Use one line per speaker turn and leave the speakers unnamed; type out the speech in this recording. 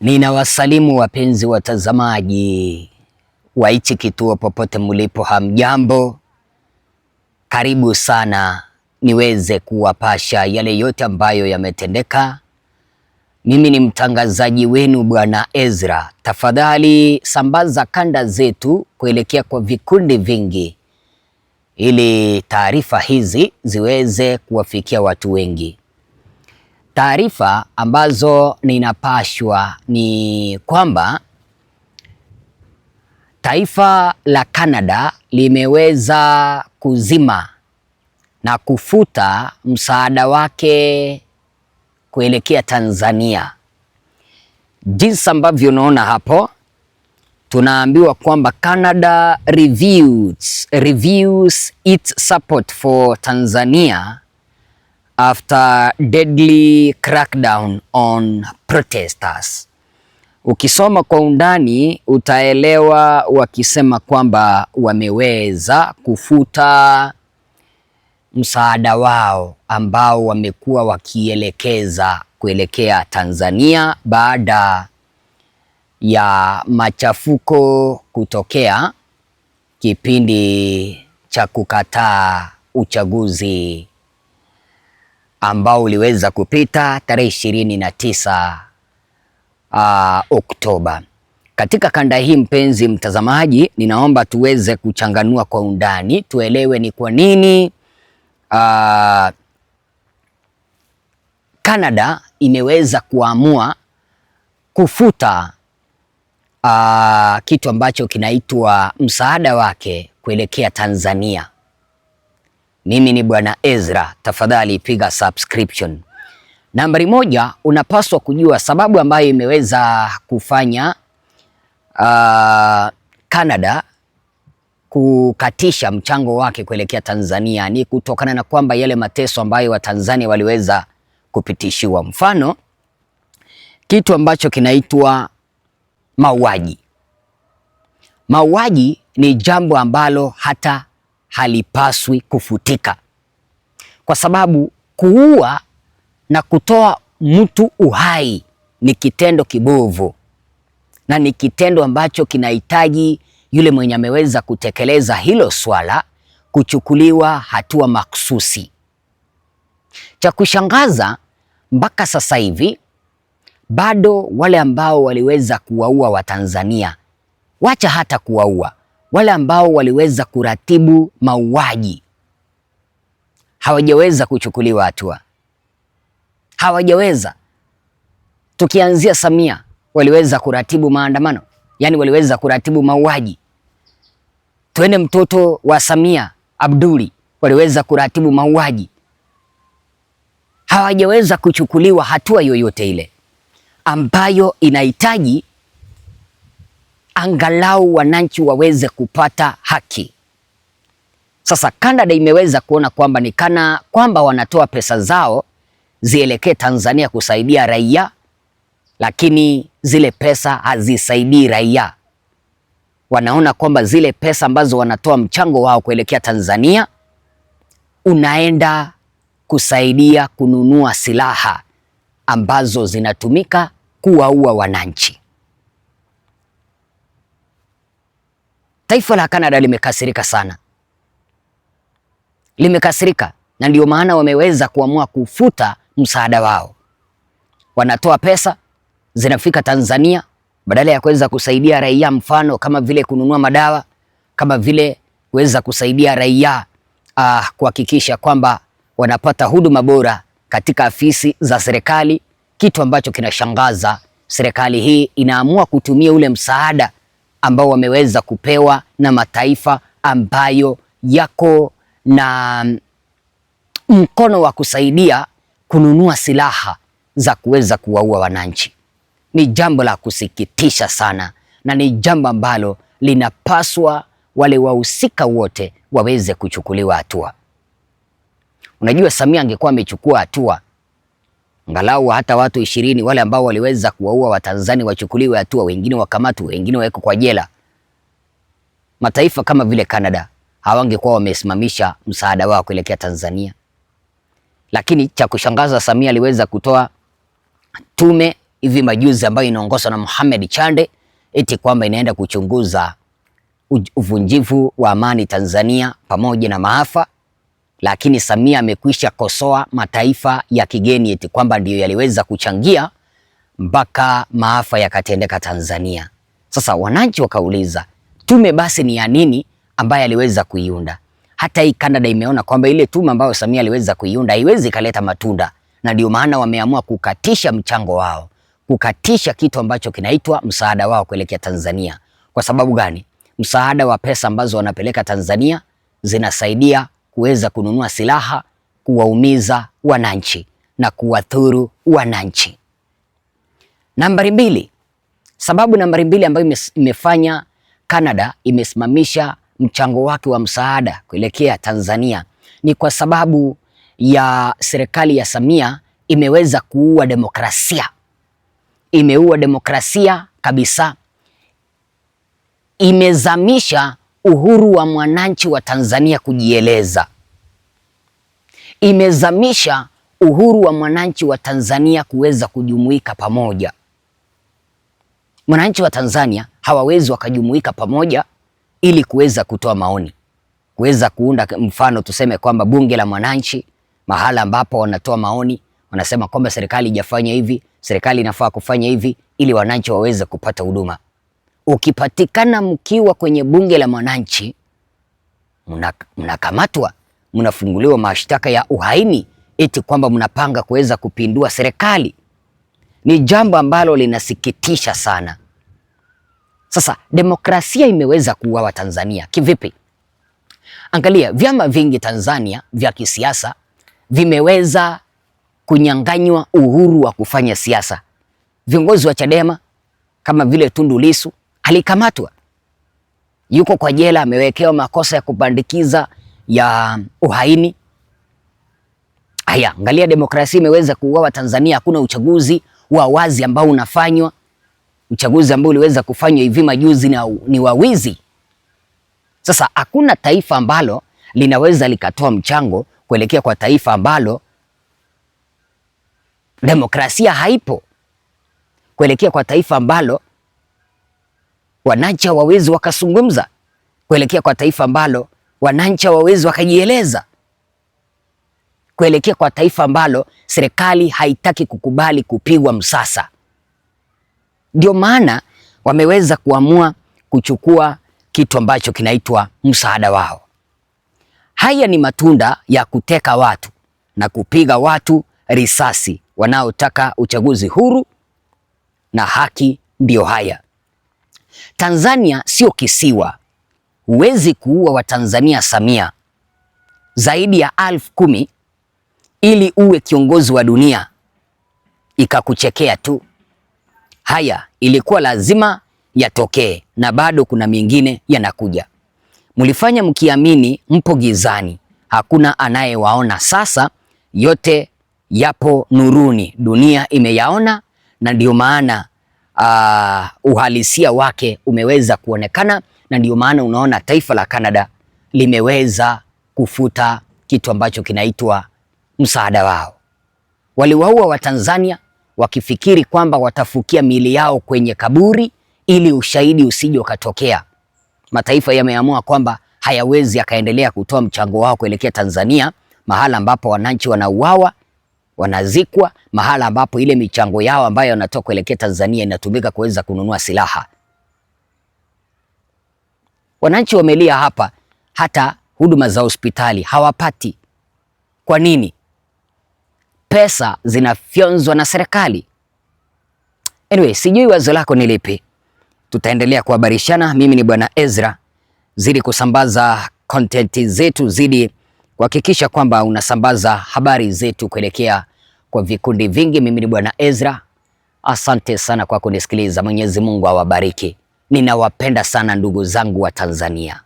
Ninawasalimu wapenzi watazamaji wa hichi kituo popote mlipo, hamjambo? Karibu sana niweze kuwapasha yale yote ambayo yametendeka. Mimi ni mtangazaji wenu Bwana Ezra. Tafadhali sambaza kanda zetu kuelekea kwa vikundi vingi, ili taarifa hizi ziweze kuwafikia watu wengi. Taarifa ambazo ninapashwa ni kwamba taifa la Canada limeweza kuzima na kufuta msaada wake kuelekea Tanzania. Jinsi ambavyo unaona hapo, tunaambiwa kwamba Canada reviews, reviews its support for Tanzania after deadly crackdown on protesters. Ukisoma kwa undani utaelewa wakisema kwamba wameweza kufuta msaada wao ambao wamekuwa wakielekeza kuelekea Tanzania baada ya machafuko kutokea kipindi cha kukataa uchaguzi ambao uliweza kupita tarehe ishirini na tisa uh, Oktoba. Katika kanda hii, mpenzi mtazamaji, ninaomba tuweze kuchanganua kwa undani, tuelewe ni kwa nini uh, Canada imeweza kuamua kufuta uh, kitu ambacho kinaitwa msaada wake kuelekea Tanzania mimi ni Bwana Ezra, tafadhali piga subscription. Nambari moja, unapaswa kujua sababu ambayo imeweza kufanya uh, Canada kukatisha mchango wake kuelekea Tanzania ni kutokana na kwamba yale mateso ambayo Watanzania waliweza kupitishiwa, mfano kitu ambacho kinaitwa mauaji. Mauaji ni jambo ambalo hata halipaswi kufutika, kwa sababu kuua na kutoa mtu uhai ni kitendo kibovu na ni kitendo ambacho kinahitaji yule mwenye ameweza kutekeleza hilo swala kuchukuliwa hatua maksusi. Cha kushangaza mpaka sasa hivi bado wale ambao waliweza kuwaua Watanzania, wacha hata kuwaua, wale ambao waliweza kuratibu mauaji hawajaweza kuchukuliwa hatua, hawajaweza. Tukianzia Samia, waliweza kuratibu maandamano, yaani waliweza kuratibu mauaji. Tuende mtoto wa Samia Abduli, waliweza kuratibu mauaji, hawajaweza kuchukuliwa hatua yoyote ile ambayo inahitaji angalau wananchi waweze kupata haki. Sasa Canada imeweza kuona kwamba ni kana kwamba wanatoa pesa zao zielekee Tanzania kusaidia raia, lakini zile pesa hazisaidii raia. Wanaona kwamba zile pesa ambazo wanatoa mchango wao kuelekea Tanzania unaenda kusaidia kununua silaha ambazo zinatumika kuwaua wananchi. Taifa la Canada limekasirika sana, limekasirika na ndio maana wameweza kuamua kufuta msaada wao. Wanatoa pesa zinafika Tanzania, badala ya kuweza kusaidia raia, mfano kama vile kununua madawa, kama vile kuweza kusaidia raia uh, kuhakikisha kwamba wanapata huduma bora katika afisi za serikali, kitu ambacho kinashangaza. Serikali hii inaamua kutumia ule msaada ambao wameweza kupewa na mataifa ambayo yako na mm, mkono wa kusaidia kununua silaha za kuweza kuwaua wananchi. Ni jambo la kusikitisha sana na ni jambo ambalo linapaswa wale wahusika wote waweze kuchukuliwa hatua. Unajua, Samia angekuwa amechukua hatua angalau hata watu ishirini wale ambao waliweza kuwaua Watanzania wachukuliwe hatua, wengine wakamatwe, wengine wawekwe kwa jela. Mataifa kama vile Canada hawangekuwa wamesimamisha msaada wao kuelekea Tanzania, lakini cha kushangaza, Samia aliweza kutoa tume hivi majuzi ambayo inaongozwa na Mohamed Chande eti kwamba inaenda kuchunguza uvunjivu wa amani Tanzania pamoja na maafa lakini Samia amekwisha kosoa mataifa ya kigeni eti kwamba ndiyo yaliweza kuchangia mpaka maafa yakatendeka Tanzania. Sasa wananchi wakauliza, tume basi ni ya nini ambaye aliweza kuiunda? Hata hii Canada imeona kwamba ile tume ambayo Samia aliweza kuiunda haiwezi ikaleta matunda, na ndio maana wameamua kukatisha mchango wao, kukatisha kitu ambacho kinaitwa msaada wao kuelekea Tanzania. Kwa sababu gani? Msaada wa pesa ambazo wanapeleka Tanzania zinasaidia kuweza kununua silaha kuwaumiza wananchi na kuwathuru wananchi. Nambari mbili, sababu nambari mbili ambayo imefanya Canada imesimamisha mchango wake wa msaada kuelekea Tanzania ni kwa sababu ya serikali ya Samia imeweza kuua demokrasia, imeua demokrasia kabisa, imezamisha uhuru wa mwananchi wa Tanzania kujieleza, imezamisha uhuru wa mwananchi wa Tanzania kuweza kujumuika pamoja. Mwananchi wa Tanzania hawawezi wakajumuika pamoja ili kuweza kutoa maoni, kuweza kuunda mfano, tuseme kwamba bunge la mwananchi, mahala ambapo wanatoa maoni, wanasema kwamba serikali ijafanya hivi, serikali inafaa kufanya hivi, ili wananchi waweze kupata huduma ukipatikana mkiwa kwenye bunge la mwananchi mnakamatwa, muna mnafunguliwa mashtaka ya uhaini, eti kwamba mnapanga kuweza kupindua serikali. Ni jambo ambalo linasikitisha sana. Sasa demokrasia imeweza kuuawa Tanzania kivipi? Angalia, vyama vingi Tanzania vya kisiasa vimeweza kunyang'anywa uhuru wa kufanya siasa. Viongozi wa Chadema kama vile Tundu Lissu alikamatwa, yuko kwa jela, amewekewa makosa ya kupandikiza ya uhaini. Haya, angalia, demokrasia imeweza kuuawa Tanzania. Hakuna uchaguzi wa wazi ambao unafanywa. Uchaguzi ambao uliweza kufanywa hivi majuzi na ni wawizi. Sasa hakuna taifa ambalo linaweza likatoa mchango kuelekea kwa taifa ambalo demokrasia haipo, kuelekea kwa taifa ambalo wananchi hawawezi wakazungumza kuelekea kwa taifa ambalo wananchi hawawezi wakajieleza, kuelekea kwa taifa ambalo serikali haitaki kukubali kupigwa msasa. Ndio maana wameweza kuamua kuchukua kitu ambacho kinaitwa msaada wao. Haya ni matunda ya kuteka watu na kupiga watu risasi wanaotaka uchaguzi huru na haki. Ndiyo haya. Tanzania sio kisiwa, huwezi kuua Watanzania Samia zaidi ya elfu kumi ili uwe kiongozi wa dunia ikakuchekea tu. Haya ilikuwa lazima yatokee, na bado kuna mengine yanakuja. Mlifanya mkiamini mpo gizani, hakuna anayewaona. Sasa yote yapo nuruni, dunia imeyaona, na ndio maana uh, uhalisia wake umeweza kuonekana, na ndio maana unaona taifa la Canada limeweza kufuta kitu ambacho kinaitwa msaada wao. Waliwaua Watanzania wakifikiri kwamba watafukia miili yao kwenye kaburi ili ushahidi usije ukatokea. Mataifa yameamua kwamba hayawezi yakaendelea kutoa mchango wao kuelekea Tanzania, mahala ambapo wananchi wanauawa wanazikwa mahala ambapo ile michango yao ambayo wanatoa kuelekea Tanzania inatumika kuweza kununua silaha. Wananchi wamelia hapa, hata huduma za hospitali hawapati. Kwa nini? Pesa zinafyonzwa na serikali. Anyway, sijui wazo lako ni lipi. Tutaendelea kuhabarishana. Mimi ni Bwana Ezra, zidi kusambaza content zetu, zidi kuhakikisha kwamba unasambaza habari zetu kuelekea kwa vikundi vingi. Mimi ni Bwana Ezra, asante sana kwa kunisikiliza. Mwenyezi Mungu awabariki. Ninawapenda sana ndugu zangu wa Tanzania.